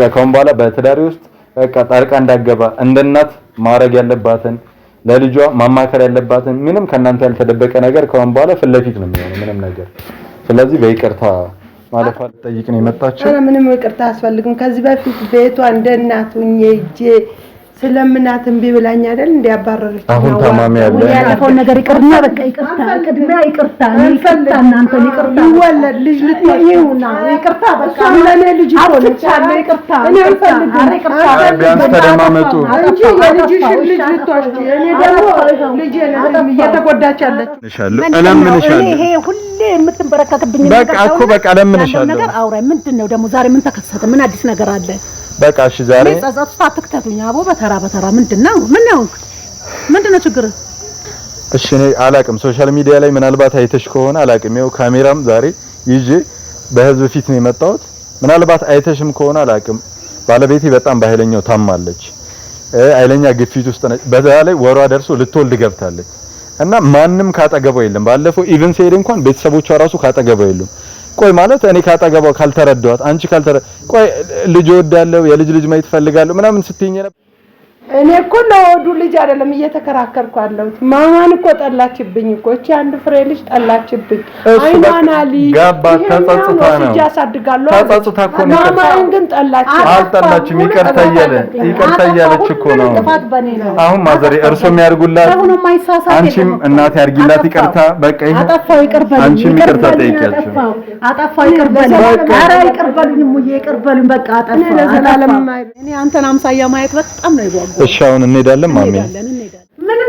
በቃ ከአሁን በኋላ በትዳሪ ውስጥ በቃ ጣልቃ እንዳገባ እንደናት እናት ማድረግ ያለባትን ለልጇ ማማከር ያለባትን ምንም ከእናንተ ያልተደበቀ ነገር ከአሁን በኋላ ፊት ለፊት ነው የሚሆነው ምንም ነገር። ስለዚህ በይቅርታ ማለፋ ልጠይቅ ነው የመጣችው። ምንም ይቅርታ አስፈልግም። ከዚህ በፊት ቤቷ እንደናት እናት ሁኜ ሂጄ ስለምናት እምቢ ብላኝ አይደል እንዲያባረረች። አሁን ታማሚ ያለ ያለፈውን ነገር ይቅርና በቃ ይቅርታ፣ ቅድሚያ ይቅርታ፣ ይቅርታ፣ እናንተ ይቅርታ። ይወለድ ልጅ ልትይውና ይቅርታ። በቃ ለኔ ልጅ ሆነች አለ ይቅርታ። እኔ አልፈልግም። ይቅርታ፣ ቢያንስ ተደማመጡ እንጂ የልጅሽን ልጅ ልትወስጂ እኔ ደግሞ ልጅ ነው እየተጎዳች ያለች። እለምንሻለሁ ይሄ ሁሌ የምትንበረከክብኝ በቃ እኮ በቃ እለምንሻለሁ ነገር አውራኝ። ምንድን ነው ደግሞ ዛሬ ምን ተከሰተ? ምን አዲስ ነገር አለ? በቃ እሺ፣ ዛሬ ጸጸት ውስጥ አትክተትኝ አቦ። በተራ በተራ ምንድነው ምን ነው ምንድነው ችግር? እሺ፣ እኔ አላቅም። ሶሻል ሚዲያ ላይ ምናልባት አይተሽ ከሆነ አላቅም። ይኸው ካሜራም ዛሬ ይዤ በህዝብ ፊት ነው የመጣሁት። ምናልባት አይተሽም ከሆነ አላቅም። ባለቤቴ በጣም በኃይለኛው ታማለች። ኃይለኛ ግፊት ውስጥ ነች። በዛ ላይ ወሯ ደርሶ ልትወልድ ገብታለች እና ማንም ካጠገባው የለም። ባለፈው ኢቨን ሲሄድ እንኳን ቤተሰቦቿ ራሱ ካጠገባው የሉም። ቆይ ማለት እኔ ካጠገቧ ካልተረዳኋት አንቺ ካልተረ ቆይ ልጅ ወዳለው የልጅ ልጅ ማየት ፈልጋለሁ ምናምን ስትይኝ ነበር። እኔ እኮ ለወዱ ልጅ አይደለም እየተከራከርኩ ያለሁት። ማማን እኮ ጠላችብኝ እኮ እቺ አንድ ፍሬ ልጅ ጠላችብኝ። አይኗን አሊ ጋባ ተጸጽታ ነው ያሳድጋለሁ። ተጸጽታ እኮ ነው። ማማን ግን ጠላችኝ። አልጠላችም። ይቅርታ እያለ ይቅርታ እያለች እኮ ነው። አሁን ማዘሬ እርሶ ያድርጉላት፣ አንቺም እናት ያርጊላት። ይቅርታ በቃ ይሄ አጠፋው፣ ይቅርበል። አንቺም ይቅርታ ጠይቂያቸው። አጠፋው፣ ይቅርበል። ኧረ ይቅርበሉኝ፣ ሙዬ ይቅርበሉኝ። በቃ አጠፋው። እኔ አንተን አምሳያ ማየት በጣም ነው ይጓጓ እሺ አሁን እንሄዳለን ማሚ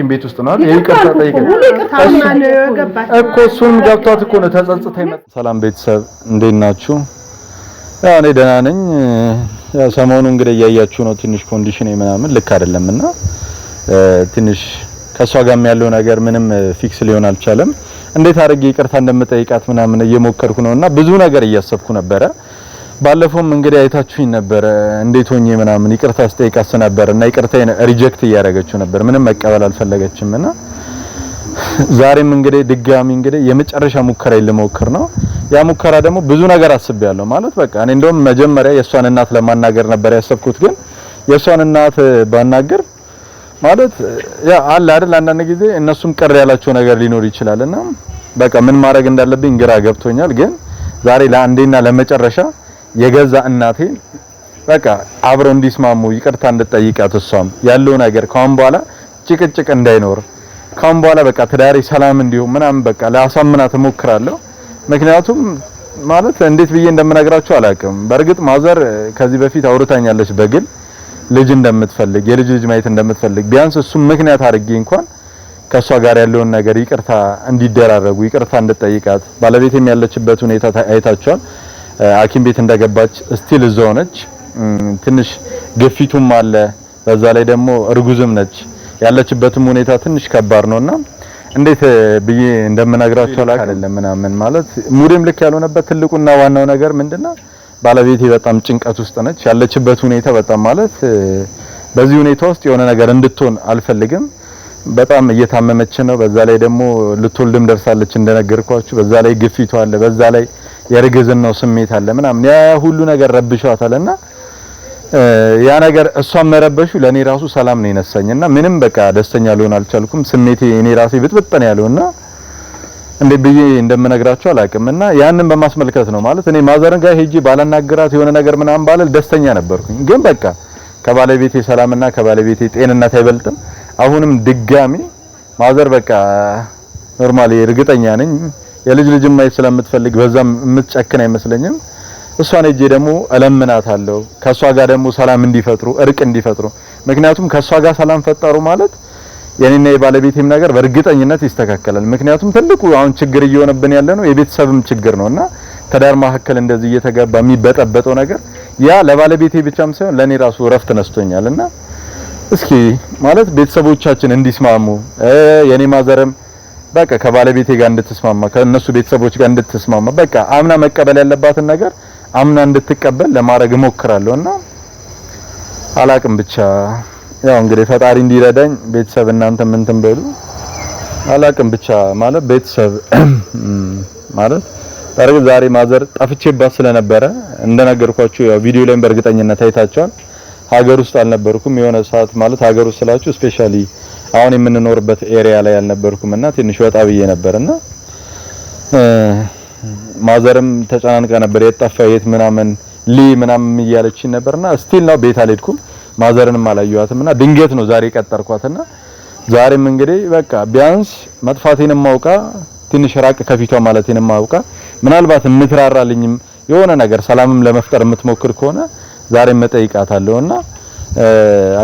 ሐኪም ቤት ውስጥ ነው አይደል? ይቅርታ ጠይቀህ እኮ እሱን ገብቷት እኮ ነው ተጸጽታ ይመጣ። ሰላም ቤተሰብ እንዴት ናችሁ? ያው እኔ ደህና ነኝ። ያው ሰሞኑ እንግዲህ እያያችሁ ነው ትንሽ ኮንዲሽን ምናምን ልክ አይደለም እና ትንሽ ከእሷ ጋርም ያለው ነገር ምንም ፊክስ ሊሆን አልቻለም። እንዴት አድርጌ ይቅርታ እንደምጠይቃት ምናምን እየሞከርኩ ነውና ብዙ ነገር እያሰብኩ ነበረ። ባለፈውም እንግዲህ አይታችሁኝ ነበር እንዴት ሆኜ ምናምን ይቅርታ ስጠይቃት ነበር እና ይቅርታ ሪጀክት እያደረገችው ነበር። ምንም መቀበል አልፈለገችም እና ዛሬም እንግዲህ ድጋሚ እንግዲህ የመጨረሻ ሙከራ ልሞክር ነው። ያ ሙከራ ደግሞ ብዙ ነገር አስቤያለሁ ማለት በቃ እኔ እንደውም መጀመሪያ የእሷን እናት ለማናገር ነበር ያሰብኩት፣ ግን የእሷን እናት ባናገር ማለት ያ አለ አይደል አንዳንድ ጊዜ እነሱም ቅር ያላቸው ነገር ሊኖር ይችላል እና በቃ ምን ማድረግ እንዳለብኝ ግራ ገብቶኛል። ግን ዛሬ ለአንዴና ለመጨረሻ የገዛ እናቴን በቃ አብረው እንዲስማሙ ይቅርታ እንድጠይቃት እሷም ያለው ነገር ካሁን በኋላ ጭቅጭቅ እንዳይኖር ካሁን በኋላ በቃ ትዳሬ ሰላም እንዲሁም ምናምን በቃ ላሳምናት እሞክራለሁ። ምክንያቱም ማለት እንዴት ብዬ እንደምነግራቸው አላውቅም። በእርግጥ ማዘር ከዚህ በፊት አውርታኛለች በግል ልጅ እንደምትፈልግ የልጅ ልጅ ማየት እንደምትፈልግ ቢያንስ እሱም ምክንያት አድርጌ እንኳን ከእሷ ጋር ያለውን ነገር ይቅርታ እንዲደራረጉ ይቅርታ እንድጠይቃት ባለቤቴም ያለችበት ሁኔታ አይታቸዋል። ሐኪም ቤት እንደገባች ስቲል እዛው ነች። ትንሽ ግፊቱም አለ፣ በዛ ላይ ደግሞ እርጉዝም ነች። ያለችበትም ሁኔታ ትንሽ ከባድ ነውና እንዴት ብዬ እንደምነግራቸው ላይ አይደለም ምናምን ማለት ሙዴም ልክ ያልሆነበት ትልቁና ዋናው ነገር ምንድነው ባለቤቴ በጣም ጭንቀት ውስጥ ነች። ያለችበት ሁኔታ በጣም ማለት በዚህ ሁኔታ ውስጥ የሆነ ነገር እንድትሆን አልፈልግም። በጣም እየታመመች ነው። በዛ ላይ ደግሞ ልትወልድም ደርሳለች እንደነገርኳችሁ። በዛ ላይ ግፊቷ አለ፣ በዛ ላይ የእርግዝናው ስሜት አለ ምናምን ያ ሁሉ ነገር ረብሻታልና ያ ነገር እሷን መረበሹ ለኔ ራሱ ሰላም ነው የነሳኝና ምንም በቃ ደስተኛ ሊሆን አልቻልኩም። ስሜቴ እኔ ራሴ ብጥብጥ ነው ያለውና እንዴት ብዬ እንደምነግራቸው አላውቅም። እና ያንን በማስመልከት ነው ማለት እኔ ማዘርን ጋር ሄጄ ባላናገራት የሆነ ነገር ምናምን ባለል ደስተኛ ነበርኩኝ። ግን በቃ ከባለቤቴ ሰላምና ከባለቤቴ ጤንነት አይበልጥም። አሁንም ድጋሚ ማዘር በቃ ኖርማሊ እርግጠኛ ነኝ የልጅ ልጅ ማየት ስለምትፈልግ በዛም የምትጨክን አይመስለኝም። እሷን እጄ ደግሞ እለምናታለሁ ከሷ ጋር ደግሞ ሰላም እንዲፈጥሩ እርቅ እንዲፈጥሩ። ምክንያቱም ከሷ ጋር ሰላም ፈጠሩ ማለት የኔና የባለቤቴም ነገር በእርግጠኝነት ይስተካከላል። ምክንያቱም ትልቁ አሁን ችግር እየሆነብን ያለ ነው የቤተሰብም ችግር ነው እና ትዳር መካከል እንደዚህ እየተገባ የሚበጠበጠው ነገር ያ ለባለቤቴ ብቻም ሳይሆን ለኔ ራሱ እረፍት ነስቶኛል እና እስኪ ማለት ቤተሰቦቻችን እንዲስማሙ የኔ ማዘርም በቃ ከባለቤቴ ጋር እንድትስማማ ከነሱ ቤተሰቦች ጋር እንድትስማማ በቃ አምና መቀበል ያለባትን ነገር አምና እንድትቀበል ለማድረግ እሞክራለሁ እና አላቅም ብቻ ያው እንግዲህ ፈጣሪ እንዲረዳኝ ቤተሰብ እናንተ ምን ትንበሉ አላቅም ብቻ ማለት ቤተሰብ ማለት በእርግጥ ዛሬ ማዘር ጠፍቼባት ስለነበረ እንደነገርኳችሁ ያው ቪዲዮ ላይም በእርግጠኝነት አይታችኋል። ሀገር ውስጥ አልነበርኩም። የሆነ ሰዓት ማለት ሀገር ውስጥ ስላችሁ ስፔሻሊ አሁን የምንኖርበት ኤሪያ ላይ አልነበርኩም እና ትንሽ ወጣ ብዬ ነበርና ማዘርም ተጨናንቃ ነበር። የት የት ምናምን ሊ ምናምን እያለች ነበርና ስቲል ነው ቤት አልሄድኩም። ማዘርንም አላየኋትም እና ድንገት ነው ዛሬ ቀጠርኳትና ዛሬም እንግዲህ በቃ ቢያንስ መጥፋቴንም አውቃ ትንሽ ራቅ ከፊቷ ማለቴንም አውቃ ምናልባት የምትራራልኝም የሆነ ነገር ሰላምም ለመፍጠር የምትሞክር ከሆነ ዛሬ መጠይቃታለሁ እና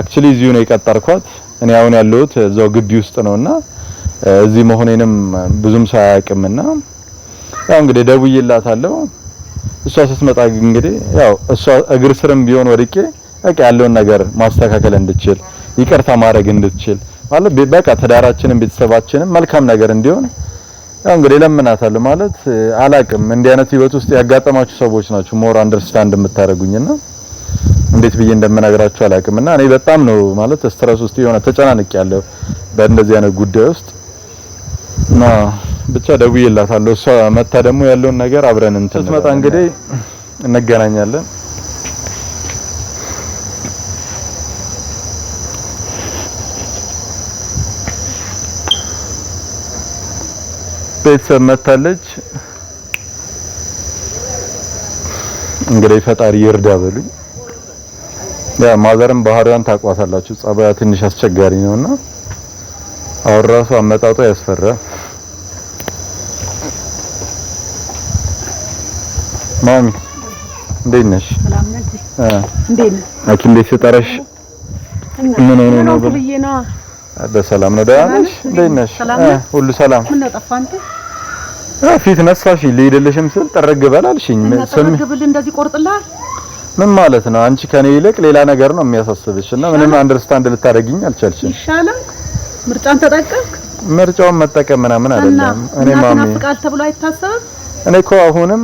አክቹሊ እዚሁ ነው የቀጠርኳት። እኔ አሁን ያለሁት እዛው ግቢ ውስጥ ነውና እዚህ መሆኔንም ብዙም ሰው አያውቅምና ያው እንግዲህ ደውዬላታለሁ። እሷ ስትመጣ እንግዲህ ያው እሷ እግር ስርም ቢሆን ወድቄ በቃ ያለውን ነገር ማስተካከል እንድችል ይቅርታ ማድረግ እንድችል ማለት በቃ ትዳራችንም ቤተሰባችንም መልካም ነገር እንዲሆን ያው እንግዲህ ለምናታለሁ። ማለት አላቅም እንዲህ አይነት ህይወት ውስጥ ያጋጠማችሁ ሰዎች ናችሁ ሞር አንደርስታንድ የምታደርጉኝና እንዴት ብዬ እንደምናገራችሁ አላውቅም። እና እኔ በጣም ነው ማለት ስትረስ ውስጥ የሆነ ተጨናንቅ ያለው በእንደዚህ አይነት ጉዳይ ውስጥ እና ብቻ ደውዬላታለሁ። እሷ መታ ደግሞ ያለውን ነገር አብረን እንትን ስትመጣ እንግዲህ እንገናኛለን። ቤተሰብ መታለች። እንግዲህ ፈጣሪ ይርዳ በሉኝ። ያ ማዘርም ባህሪዋን ታቋታላችሁ። ጸባያ ትንሽ አስቸጋሪ ነውና አሁን ራሱ አመጣጧ ያስፈራ። ማሚ እንዴት ነሽ? ሐኪም ቤት ስጠረሽ ምን ሆኖ ነው? በሰላም ነው? ደህና ነሽ? እንዴት ነሽ? ሁሉ ሰላም ፊት ነሳሽ ሊሄድልሽም ስል ጠረግ በላልሽኝ። ምን ሰሚ ጠረግ ብል እንደዚህ ቆርጥልሃል ምን ማለት ነው? አንቺ ከኔ ይልቅ ሌላ ነገር ነው የሚያሳስብሽ እና ምንም አንደርስታንድ ልታደርጊኝ አልቻልሽም። ይሻላል ምርጫን ተጠቀምክ። ምርጫውን መጠቀም ምናምን አይደለም። እኔ ማሚ ፍቃድ ተብሎ አይታሰብም። እኔ እኮ አሁንም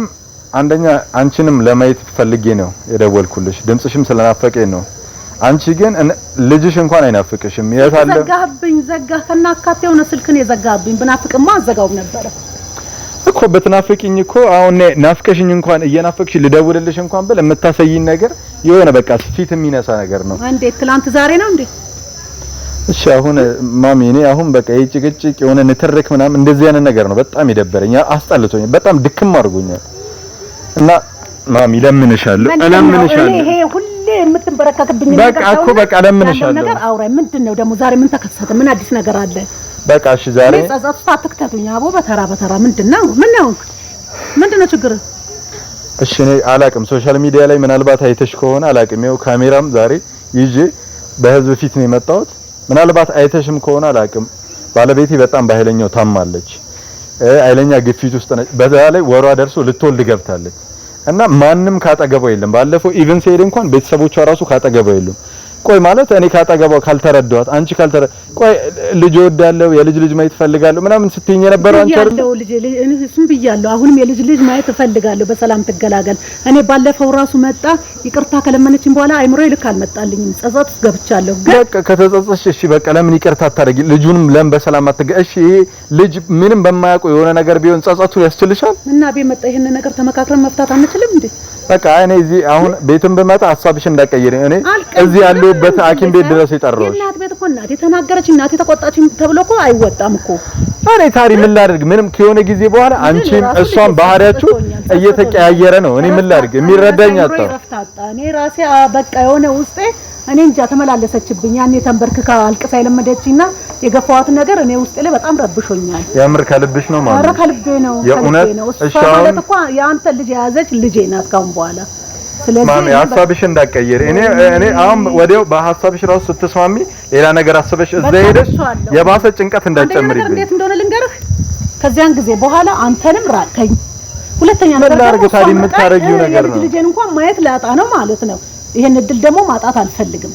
አንደኛ አንቺንም ለማየት ፈልጌ ነው የደወልኩልሽ፣ ድምጽሽም ስለናፈቀኝ ነው። አንቺ ግን ልጅሽ እንኳን አይናፍቅሽም። የታለ ዘጋብኝ። ዘጋ ከናካቴው ነው ስልክን የዘጋብኝ። ብናፍቅማ አዘጋውም ነበረ። እኮ በትናፍቂኝ እኮ አሁን ናፍቀሽኝ እንኳን እየናፈቅሽ ልደውልልሽ እንኳን ብል የምታሰይኝ ነገር የሆነ በቃ ፊት የሚነሳ ነገር ነው። እንዴት ትላንት ዛሬ ነው እንዴ? እሺ አሁን ማሚ፣ እኔ አሁን በቃ የጭቅጭቅ የሆነ ንትርክ ምናምን እንደዚህ አይነት ነገር ነው በጣም የደበረኝ፣ አስጠልቶኛል፣ በጣም ድክም አድርጎኛል። እና ማሚ ለምንሻለሁ፣ እለምንሻለሁ ይሄ ሁሌ የምትንበረከክብኝ ነገር በቃ እኮ በቃ ለምንሻለሁ ነገር አውራ ምንድን ነው ደግሞ ዛሬ ምን ተከሰተ? ምን አዲስ ነገር አለ? በቃ እሺ፣ ዛሬ ጸጸት አትክተቱኝ። አቦ በተራ በተራ ምንድነው ምነው ምንድነው ችግር? እሺ፣ እኔ አላቅም። ሶሻል ሚዲያ ላይ ምናልባት አይተሽ ከሆነ አላቅም። ይኸው ካሜራም ዛሬ ይዤ በህዝብ ፊት ነው የመጣሁት። ምናልባት አይተሽም ከሆነ አላቅም። ባለቤቴ በጣም በኃይለኛው ታማለች። ኃይለኛ ግፊት ውስጥ ነች። በዛ ላይ ወሯ ደርሶ ልትወልድ ገብታለች እና ማንም ካጠገበው የለም። ባለፈው ኢቨን ሲሄድ እንኳን ቤተሰቦቿ ራሱ ካጠገበው የለም። ቆይ ማለት እኔ ካጠገቧ ካልተረዳኋት አንቺ ካልተረ ቆይ ልጅ እወዳለሁ የልጅ ልጅ ማየት እፈልጋለሁ ምናምን ስትይኝ የነበረው አንቺ ያለው ልጅ እኔ እሱም ብያለሁ። አሁንም የልጅ ልጅ ማየት እፈልጋለሁ፣ በሰላም ትገላገል። እኔ ባለፈው ራሱ መጣ ይቅርታ ከለመነችኝ በኋላ አይምሮ ልክ አልመጣልኝም፣ ጸጸት ገብቻለሁ። ግን በቃ ከተጸጸሽ፣ እሺ በቃ ለምን ይቅርታ አታደርጊ? ልጁንም ለምን በሰላም አትገ እሺ ይሄ ልጅ ምንም በማያውቀው የሆነ ነገር ቢሆን ጸጸቱ ያስችልሻል። እና ቤት መጣ ይሄን ነገር ተመካክረን መፍታት አንችልም እንዴ? በቃ እኔ እዚህ አሁን ቤትም ብመጣ ሀሳብሽ እንዳቀየረኝ እኔ እዚህ ያለው የሄደበት ሐኪም ቤት ድረስ የጠራው እናት ቤት እኮ እናቴ ተናገረች እናቴ ተቆጣች ተብሎ እኮ አይወጣም እኮ። አሬ ታሪ ምን ላድርግ? ምንም ከሆነ ጊዜ በኋላ አንቺም እሷም ባህሪያችሁ እየተቀያየረ ነው። እኔ ምን ላድርግ? የሚረዳኝ አጣ። እኔ ራሴ በቃ የሆነ ውስጤ እኔ እንጃ ተመላለሰችብኝ። ያኔ ተንበርክካ አልቅሳ የለመደችኝና የገፋዋት ነገር እኔ ውስጤ ላይ በጣም ረብሾኛል። የምር ከልብሽ ነው ማለት? ኧረ ከልቤ ነው። የእውነት እሷ ማለት እኮ የአንተ ልጅ የያዘች ልጄ ናት ካሁን በኋላ ማሚ ሀሳብሽ እንዳቀየር እኔ እኔ አሁን ወዲያው በሀሳብሽ ራሱ ስትስማሚ ሌላ ነገር አስበሽ እዛ ሄደሽ የባሰ ጭንቀት እንዳጨምሪብኝ። እንዴት እንደሆነ ልንገርህ። ከዚያን ጊዜ በኋላ አንተንም ራቀኝ። ሁለተኛ ነገር ታዲያ የምታረጊው ነገር ነው። ልጄን እንኳን ማየት ላጣ ነው ማለት ነው። ይሄን እድል ደግሞ ማጣት አልፈልግም።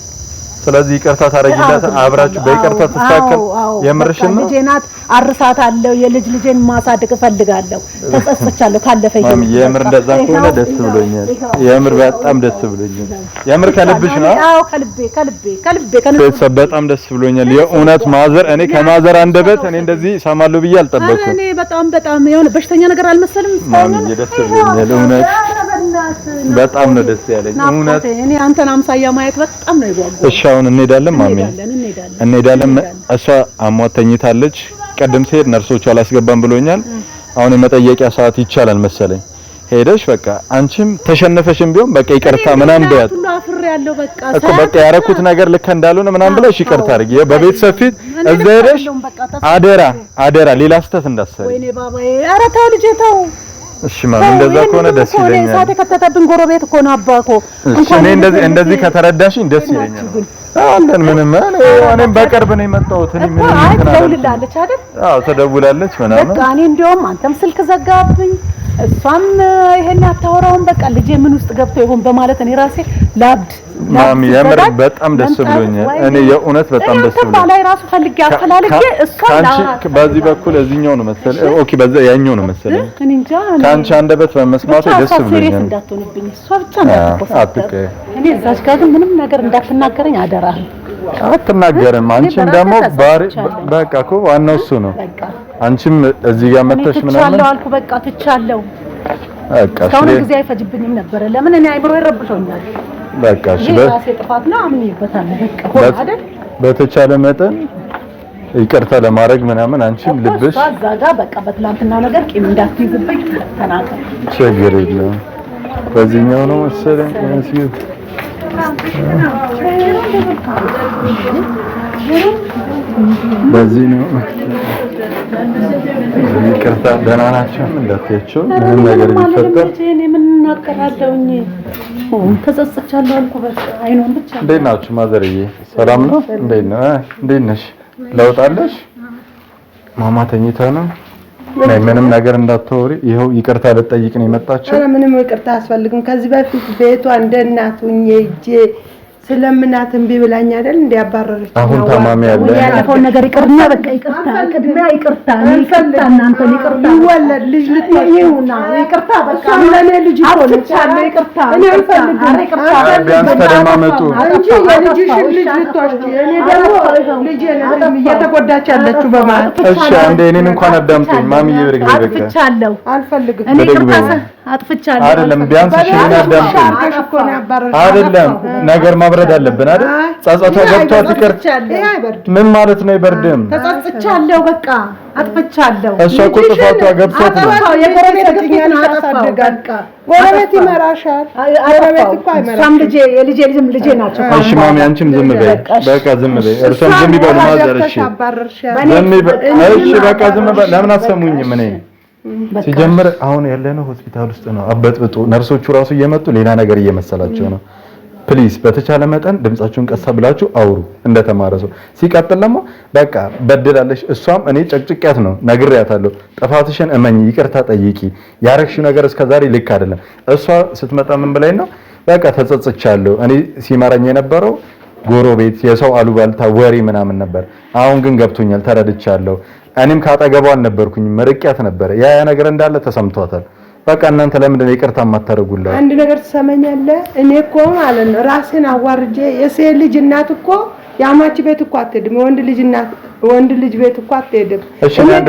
ስለዚህ ይቅርታ ታረጊላት፣ አብራችሁ በይቅርታ ትስተካከል። የምርሽን ነው። ልጄ ናት፣ አርሳታለሁ። የልጅ ልጄን ማሳደግ እፈልጋለሁ። ተጸጽቻለሁ። ካለፈ ይሄ የምር እንደዛ ከሆነ ደስ ብሎኛል። የምር በጣም ደስ ብሎኛል። የምር ከልብሽ ነው? አዎ ከልቤ ከልቤ ከልቤ ከልቤ በጣም ደስ ብሎኛል። የእውነት ማዘር፣ እኔ ከማዘር አንደበት እኔ እንደዚህ እሰማለሁ ብዬ አልጠበኩም። እኔ በጣም በጣም የሆነ በሽተኛ ነገር አልመሰልም። ታውቃለህ፣ ደስ ብሎኛል እውነት በጣም ነው ደስ ያለኝ። እውነት እኔ አንተን አምሳያ ማየት በጣም ነው የጓጓው። እሺ አሁን እንሄዳለን ማሚ፣ እንሄዳለን። እሷ አሟት ተኝታለች። ቀደም ሲሄድ ነርሶቹ አላስገባም ብሎኛል። አሁን የመጠየቂያ ሰዓት ይቻላል መሰለኝ። ሄደሽ በቃ አንቺም ተሸነፈሽም ቢሆን በቃ ይቅርታ ምናምን ብያት እኮ በቃ ያረኩት ነገር ልክ እንዳልሆነ ምናምን ብለሽ ይቅርታ አድርጊ። በቤተሰብ ፊት እዛ ሄደሽ አደራ አደራ፣ ሌላ ስህተት እንዳትሰሪ። ወይኔ ባባዬ፣ ኧረ ተው ልጄ ተው እሺ ማም እንደዛ ከሆነ ደስ ይለኛል። እሳት የከተተብን ጎረቤት እኮ ነው አባኮ። እኔ እንደዚህ እንደዚህ ከተረዳሽኝ ደስ ይለኛል። አለን ምንም እኔም በቅርብ ነው የመጣሁት። እኔ ምንም አይ ትደውልላለች አይደል? አዎ ተደውላለች ምናምን። በቃ እኔ እንደውም አንተም ስልክ ዘጋብኝ እሷም ይሄን አታወራውም። በቃ ልጄ ምን ውስጥ ገብቶ ይሆን በማለት እኔ ራሴ ላብድ ማሚ የምር በጣም ደስ ብሎኛል። እኔ የእውነት በጣም ደስ ብሎኛል። ላይ ራሱ ፈልጌ አፈላልጌ እሷ ካንቺ በዚህ በኩል እዚህኛው ነው መሰለኝ። ኦኬ፣ በዛ ያኛው ነው መሰለኝ። ካንቺ አንደበት በመስማቴ ደስ ብሎኛል። እንዳትሆንብኝ እሷ ብቻ እንዳትቆጣ። እኔ እዛች ጋር ግን ምንም ነገር እንዳትናገረኝ አደራህ። አትናገርም። አንቺም ደግሞ በቃ እኮ ዋናው እሱ ነው። አንቺም እዚህ ጋር መተሽ ምናምን አልኩ። በቃ ትቻለሁ። በቃ እስካሁን ጊዜ አይፈጅብኝም ነበረ። ለምን እኔ አይምሮ ይረብሾኛል በቃ እሺ በተቻለ መጠን ይቅርታ ለማድረግ ምናምን አንቺም ልብሽ አዛጋ በቃ በትናንትና ነገር ቂም እንዳትይዝብኝ ተናገር። ችግር የለውም። በዚህኛው ነው መሰለኝ እንስዩ በዚህ ነው። ይቅርታ፣ ደህና ናቸው። እንዳትያቸው ምንም ነገር ቢፈጠር ተጸጽቻለሁ አልኩ። በቃ አይኖን ብቻ። እንዴት ናችሁ? ማዘርዬ ሰላም ነው? እንዴት ነው? እንዴት ነሽ? ለውጣለሽ? ማማ ተኝታ ነው። ምንም ነገር እንዳትወሪ። ይኸው ይቅርታ ልጠይቅ ነው የመጣችው። ምንም ይቅርታ አያስፈልግም። ከዚህ በፊት ቤቷ እንደ እናት ሁኜ ሂጄ ስለምናት እምቢ ብላኝ አይደል እንደ አሁን ታማሚ ያለ ያለፈውን ነገር ይቅርና በቃ ይቅርታ፣ ቅድሚያ ይቅርታ፣ ይቅርታ፣ እናንተ ይቅርታ። ይወለድ ልጅ ልትይውና ይቅርታ፣ በቃ ለኔ ልጅ ይቆልቻለሁ። ይቅርታ፣ እኔ አልፈልግም። ቢያንስ ተደማመጡ እንጂ የልጅሽን ልጅ ልትወስጂ፣ እኔ ደግሞ ልጄ እየተጎዳች ያለችው በማለት እሺ። አንዴ እኔን እንኳን አዳምጡኝ ማሚዬ፣ ብርግ ብርግ ብቻ አልፈልግም እኔ ይቅርታ አጥፍቻለሁ አይደለም። ቢያንስ አይደለም ነገር ማብረድ አለብን አይደል? ጸጸቷ ገብቷት ይቅር ምን ማለት ነው? ይበርድም ተጸጽቻለሁ፣ በቃ አጥፍቻለሁ። እሷ እኮ ጥፋቷ ገብቷት ነው። ጎረቤት ይመራሻል። ጎረቤት እኮ አይመራም። ልጄ የልጄ ልጅም ልጄ ናቸው። እሺ ማሚ አንቺም ዝም በይ በቃ ዝም በይ። እርሷም ዝም ይበሉ ማዘር። እሺ እሺ በቃ ዝም በይ። ለምን እኔ ሲጀምር አሁን ያለነው ሆስፒታል ውስጥ ነው። አበጥብጡ ነርሶቹ ራሱ እየመጡ ሌላ ነገር እየመሰላቸው ነው። ፕሊዝ በተቻለ መጠን ድምጻችሁን ቀሳ ብላችሁ አውሩ እንደተማረ ሰው። ሲቀጥል ደግሞ በቃ በድላለች እሷም እኔ ጨቅጭቅያት ነው ነግሬያታለሁ። ጥፋትሽን እመኝ፣ ይቅርታ ጠይቂ፣ ያረግሽው ነገር እስከዛሬ ልክ አይደለም። እሷ ስትመጣ ምን ብላኝ ነው በቃ ተጸጽቻለሁ። እኔ ሲመረኝ የነበረው ጎረቤት፣ የሰው አሉባልታ፣ ወሬ ምናምን ነበር። አሁን ግን ገብቶኛል፣ ተረድቻለሁ። እኔም ካጠገቧ አልነበርኩኝ መርቂያት ነበረ። ያ ያ ነገር እንዳለ ተሰምቷታል። በቃ እናንተ ለምንድን ነው ይቅርታ የማታደርጉላት? አንድ ነገር ትሰመኛለህ። እኔ እኮ ማለት ነው ራሴን አዋርጄ የሴት ልጅ እናት እኮ የአማች ቤት እኮ አትሄድም። ወንድ ልጅ እናት ወንድ ልጅ ቤት እኮ አትሄድም።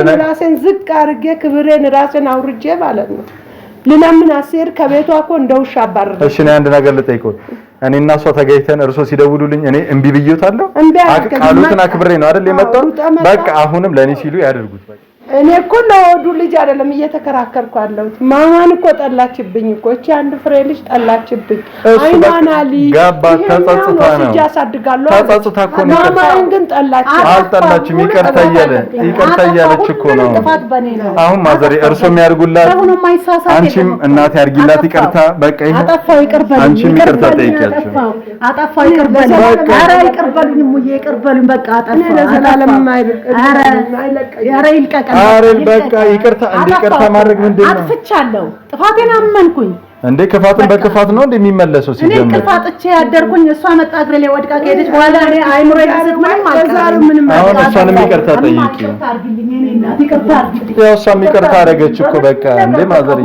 እኔ ራሴን ዝቅ አድርጌ ክብሬን ራሴን አውርጄ ማለት ነው ልለምን አስሄድ ከቤቷ እኮ እንደውሻ አባረረ። እሺ እኔ አንድ ነገር ልጠይቀው እና እሷ ተጋይተን እርሶ ሲደውሉልኝ እኔ እምቢ ብዬታለሁ። ቃሉትን አክብሬ ነው አይደል የመጣሁት። በቃ አሁንም ለእኔ ሲሉ ያደርጉት እኔ እኮ ለወዱ ልጅ አይደለም እየተከራከርኩ ያለሁት። ማማን እኮ ጠላችብኝ እኮ እቺ አንድ ፍሬ ልጅ ጠላችብኝ። አይኗና ልጅ ተጸጽታ ነው ያሳድጋለሁ። ተጸጽታ እኮ ነው። ማማን ግን ጠላችኝ። አልጠላችም፣ ይቅርታ እያለ ይቅርታ እያለች እኮ ነው። አሁን ማዘሬ እርሶም ያድርጉላት፣ አንቺም እናት ያርጊላት። ይቅርታ በቃ ይሄ አጠፋው፣ ይቅር አንቺም ይቅርታ ጠይቂያቸው። አጠፋው፣ ይቅር ኧረ ይቅር በሉኝ፣ እሙዬ ይቅር በሉኝ። በቃ አጠፋው፣ አረ ይልቀቅ አረን በቃ ይቅርታ እንደ ይቅርታ ማድረግ ምንድን ነው? አጥፍቻለሁ፣ ጥፋቴን አመንኩኝ። እንደ ክፋትን በክፋት ነው እንደሚመለሰው ሲጀምር እኔ ክፋትቼ ያደርኩኝ እሷ መጣ እግሬ ላይ ወድቃ ከሄደች በኋላ እኔ አይምሮ ይዝት ምንም አልቀረም። ምንም አሁን እሷንም ይቅርታ ጠይቂ። ያው እሷም ይቅርታ አደረገች እኮ በቃ እንደ ማዘርዬ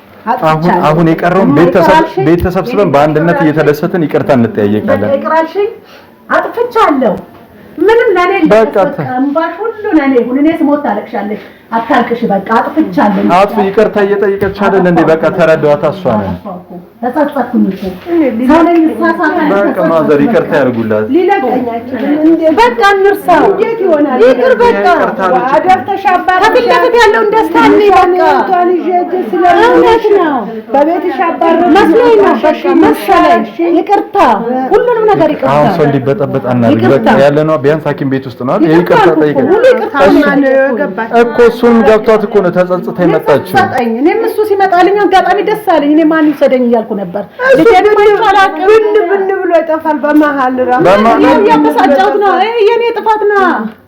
አሁን የቀረውን ቤት ተሰብስበን በአንድነት እየተደሰትን ይቅርታ እንጠያየቃለን። ይቅራልሽኝ አጥፍቻለሁ። ምንም ለኔ ልበቃ እንባሽ ሁሉ ለኔ ሁሉ እኔ ሞት ታለቅሻለሽ አታልቅሽ በቃ አጥፍቻለሁ። አጥፍ ይቅርታ እየጠየቀች አይደል እንዴ? በቃ ተረዳኋት። እሷ ነው በቃ ማዘር ይቅርታ ያድርጉላት። በቃ እንርሳው። ከፊት ያለውን ደስታ እውነት ነው መስሎኝ ነው። ይቅርታ ሁሉንም ነገር ይቅርታ። አሁን ሰው እንዲበጠበጥ አናድርግ። በቃ ያለነው ቢያንስ ሐኪም ቤት ውስጥ ነው ይቅርታ ጠይቀን እኮ እሱ እሱም ገብቷት እኮ ነው ተጸጽታ የመጣችው። እኔም እሱ ሲመጣልኝ አጋጣሚ ደስ አለኝ። እኔ ማን ይውሰደኝ እያልኩ ነበር። ልጄንም አይቻላቅ ብን ብን ብሎ ይጠፋል። በመሀል ራሱ ያበሳጨሁት ነው። የእኔ ጥፋት ነው።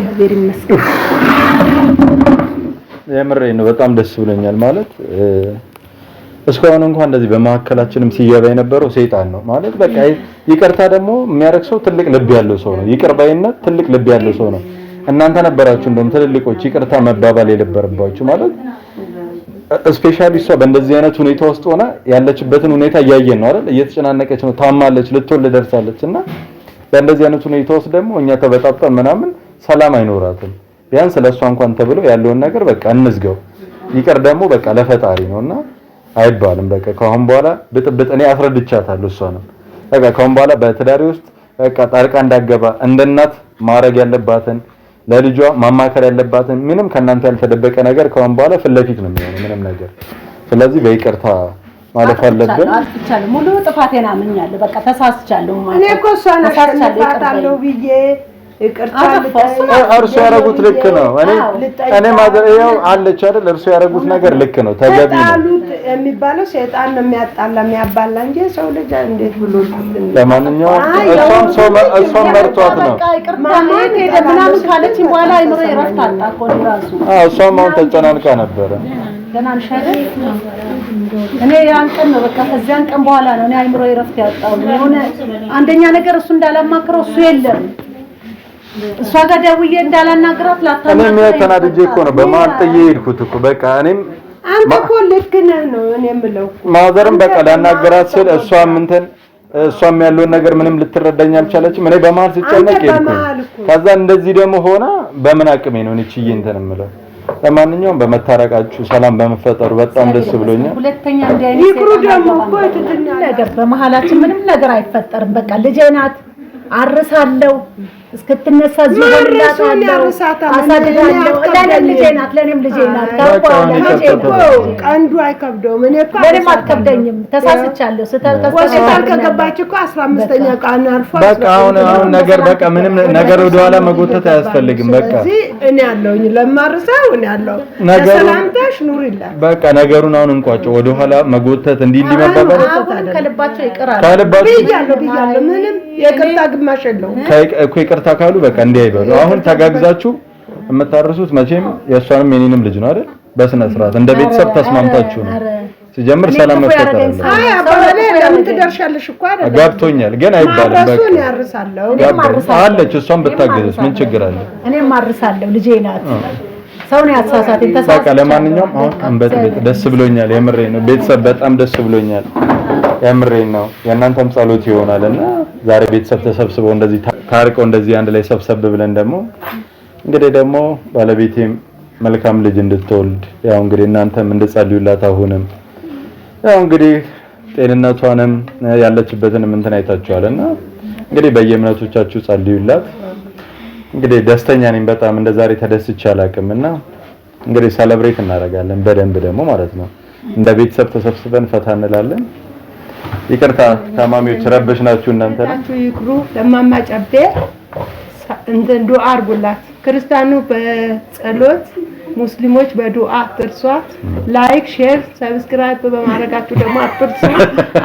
እግዚአብሔር ይመስገን። የምሬ ነው። በጣም ደስ ብሎኛል። ማለት እስካሁን እንኳን እንደዚህ በመካከላችንም ሲገባ የነበረው ሰይጣን ነው ማለት በቃ። ይቅርታ ደግሞ የሚያደርግ ሰው ትልቅ ልብ ያለው ሰው ነው። ይቅር ባይነት ትልቅ ልብ ያለው ሰው ነው። እናንተ ነበራችሁ እንደውም ትልልቆች ይቅርታ መባባል የነበረባችሁ ማለት ስፔሻሊ እሷ በእንደዚህ አይነት ሁኔታ ውስጥ ሆና ያለችበትን ሁኔታ እያየን ነው አይደል? እየተጨናነቀች ነው፣ ታማለች፣ ልትወልድ ደርሳለች። እና በእንደዚህ አይነት ሁኔታ ውስጥ ደግሞ እኛ ተበጣብጠን ምናምን ሰላም አይኖራትም። ቢያንስ ለእሷ እንኳን ተብሎ ያለውን ነገር በቃ እንዝገው፣ ይቅር ደግሞ በቃ ለፈጣሪ ነውና አይባልም። በቃ ከአሁን በኋላ ብጥብጥ እኔ አስረድቻታለሁ። እሷ ነው በቃ ከአሁን በኋላ በተዳሪ ውስጥ በቃ ጣልቃ እንዳገባ እንደ እናት ማድረግ ያለባትን ለልጇ ማማከር ያለባትን ምንም ከእናንተ ያልተደበቀ ነገር ከአሁን በኋላ ፊት ለፊት ነው የሚሆነው ምንም ነገር። ስለዚህ በይቅርታ ማለፍ አለብን። አልቻለም ሙሉ ጥፋቴን አምኛለሁ። በቃ ተሳስቻለሁ። እኔ እኮ እሷ ነው ብዬ እርሱ ያደረጉት ልክ ነው። እኔ እኔ ማዘያው አለች አይደል? እርሱ ያደረጉት ነገር ልክ ነው፣ ተገቢ ነው የሚባለው ሰይጣን ነው የሚያጣላ የሚያባላ እንጂ ሰው ልጅ እንዴት ብሎ። ለማንኛውም እሷም ሰው እሷም መርቷት ነው ምናምን ካለች በኋላ አይምሮ ይረፍት አጣ እኮ እራሱ። እሷም አሁን ተጨናንቃ ነበረ። እኔ ያን ቀን ነው በቃ ከዚያን ቀን በኋላ ነው እኔ አይምሮ ይረፍት ያጣው። የሆነ አንደኛ ነገር እሱ እንዳላማክረው እሱ የለም እሷ ጋር ደውዬ እንዳላናግራት ላታናግራት እኔ ተናድጄ እኮ ነው በመሀል ጥዬ ሄድኩት እኮ በቃ እኔም አንተ እኮ ልክ ነህ ነው እኔ የምለው ማዘርም በቃ ላናግራት ስል እሷም እንትን እሷም ያለውን ነገር ምንም ልትረዳኝ አልቻለችም። እኔ በመሀል ስጨነቅ ሄድኩ። ከዛ እንደዚህ ደግሞ ሆነ በምን አቅሜ ነው እኔ ችዬ እንትን የምለው። ለማንኛውም በመታረቃችሁ ሰላም በመፈጠሩ በጣም ደስ ብሎኛል። ሁለተኛ ይቅሩ ደግሞ ነገር በመሀላችን ምንም ነገር አይፈጠርም። በቃ ልጄ ናት አርሳለሁ እስክትነሳ ቀንዱ አይከብደውም። እኔም አትከብደኝም። ተሳስቻለሁ። ሆስፒታል ከገባች እኮ አስራ አምስተኛ ቀን አርፏ። በቃ አሁን ነገር በቃ ምንም ነገር ወደኋላ መጎተት አያስፈልግም። በቃ እኔ አለሁኝ ለማርሰው እኔ አለሁ። ሰላምታሽ ኑሪላት። በቃ ነገሩን አሁን እንቋጨው። ወደኋላ መጎተት እንዲህ እንዲህ መባባል ከልባቸው ይቅራል። ከልባቸው ብያለሁ ብያለሁ። ምንም የቅርታ ግማሽ የለውም። ይቅርታ ካሉ በቃ እንዲህ አይበሉ። አሁን ተጋግዛችሁ የምታርሱት መቼም የእሷንም የኔንም ልጅ ነው አይደል? በስነ ስርዓት እንደ ቤተሰብ ተስማምታችሁ ነው ሲጀምር ሰላም መፈጠር አለ። አይ አባባሌ ለምን ትደርሻለሽ እኮ አይደለም ገብቶኛል፣ ግን አይባልም። በቃ እሱን ያርሳለሁ አለች። እሷን ብታገዘች ምን ችግር አለ? እኔም አርሳለሁ፣ ልጄ ናት። ሰውን ነው ያሳሳተኝ። በቃ ለማንኛውም አሁን አንበጥ ደስ ብሎኛል፣ የምሬ ነው ቤተሰብ በጣም ደስ ብሎኛል። የምሬን ነው። የእናንተም ጸሎት ይሆናል እና ዛሬ ቤተሰብ ተሰብስበው እንደዚህ ታርቀው እንደዚህ አንድ ላይ ሰብሰብ ብለን ደግሞ እንግዲህ ደግሞ ባለቤቴም መልካም ልጅ እንድትወልድ ያው እንግዲህ እናንተም እንድጸልዩላት አሁንም ያው እንግዲህ ጤንነቷንም ያለችበትንም እንትን አይታችኋል እና እንግዲህ በየእምነቶቻችሁ ጸልዩላት። እንግዲህ ደስተኛ ነኝ በጣም እንደ ዛሬ ተደስቼ አላውቅም እና እንግዲህ ሰለብሬት እናደርጋለን በደንብ ደግሞ ማለት ነው። እንደ ቤተሰብ ተሰብስበን ፈታ እንላለን። ይቅርታ ታማሚዎች ረበሽ ናችሁ። እናንተ ናችሁ ይክሩ ለማማ ጨቤ እንደ ዱዓ አርጉላት። ክርስቲያኑ በጸሎት ሙስሊሞች በዱዓ አትርሷት። ላይክ፣ ሼር፣ ሰብስክራይብ በማድረጋችሁ ደግሞ አትርሱ፣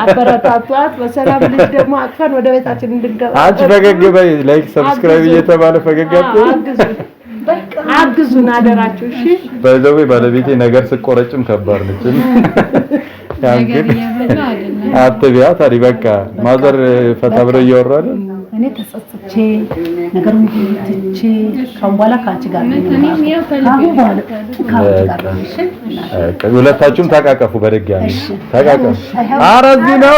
አበረታቷት። በሰላም ልጅ ደግሞ አቅፈን ወደ ቤታችን እንድንገባ አንቺ ፈገግ በይ። ላይክ፣ ሰብስክራይብ እየተባለ ፈገግ አግዙን አደራችሁ። እሺ በዘው ባለቤቴ ነገር ስቆረጭም ከባድ ነች። አትቢያ አሪ በቃ ማዘር ፈታ ብለው እያወራለ እኔ ተጸጽቼ ነገር ሁሉ ትቼ ካሁን በኋላ ከአንቺ ጋር ሁለታችሁም ተቃቀፉ። በደግ ያለ ተቃቀፉ። ኧረ እዚህ ነው።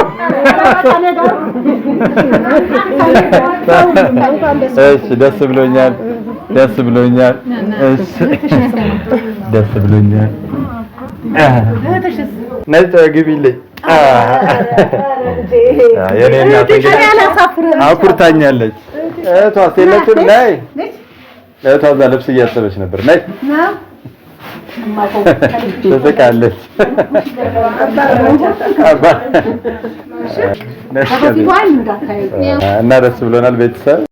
እሺ፣ ደስ ብሎኛል፣ ደስ ብሎኛል። እሺ፣ ደስ ብሎኛል። ነጭ ግቢልኝ የኔ አኩርታኛለች። እህቷ ሴለችን ላይ እህቷ እዛ ልብስ እያሰበች ነበር። ናይ ትስቃለች። እና ደስ ብሎናል ቤተሰብ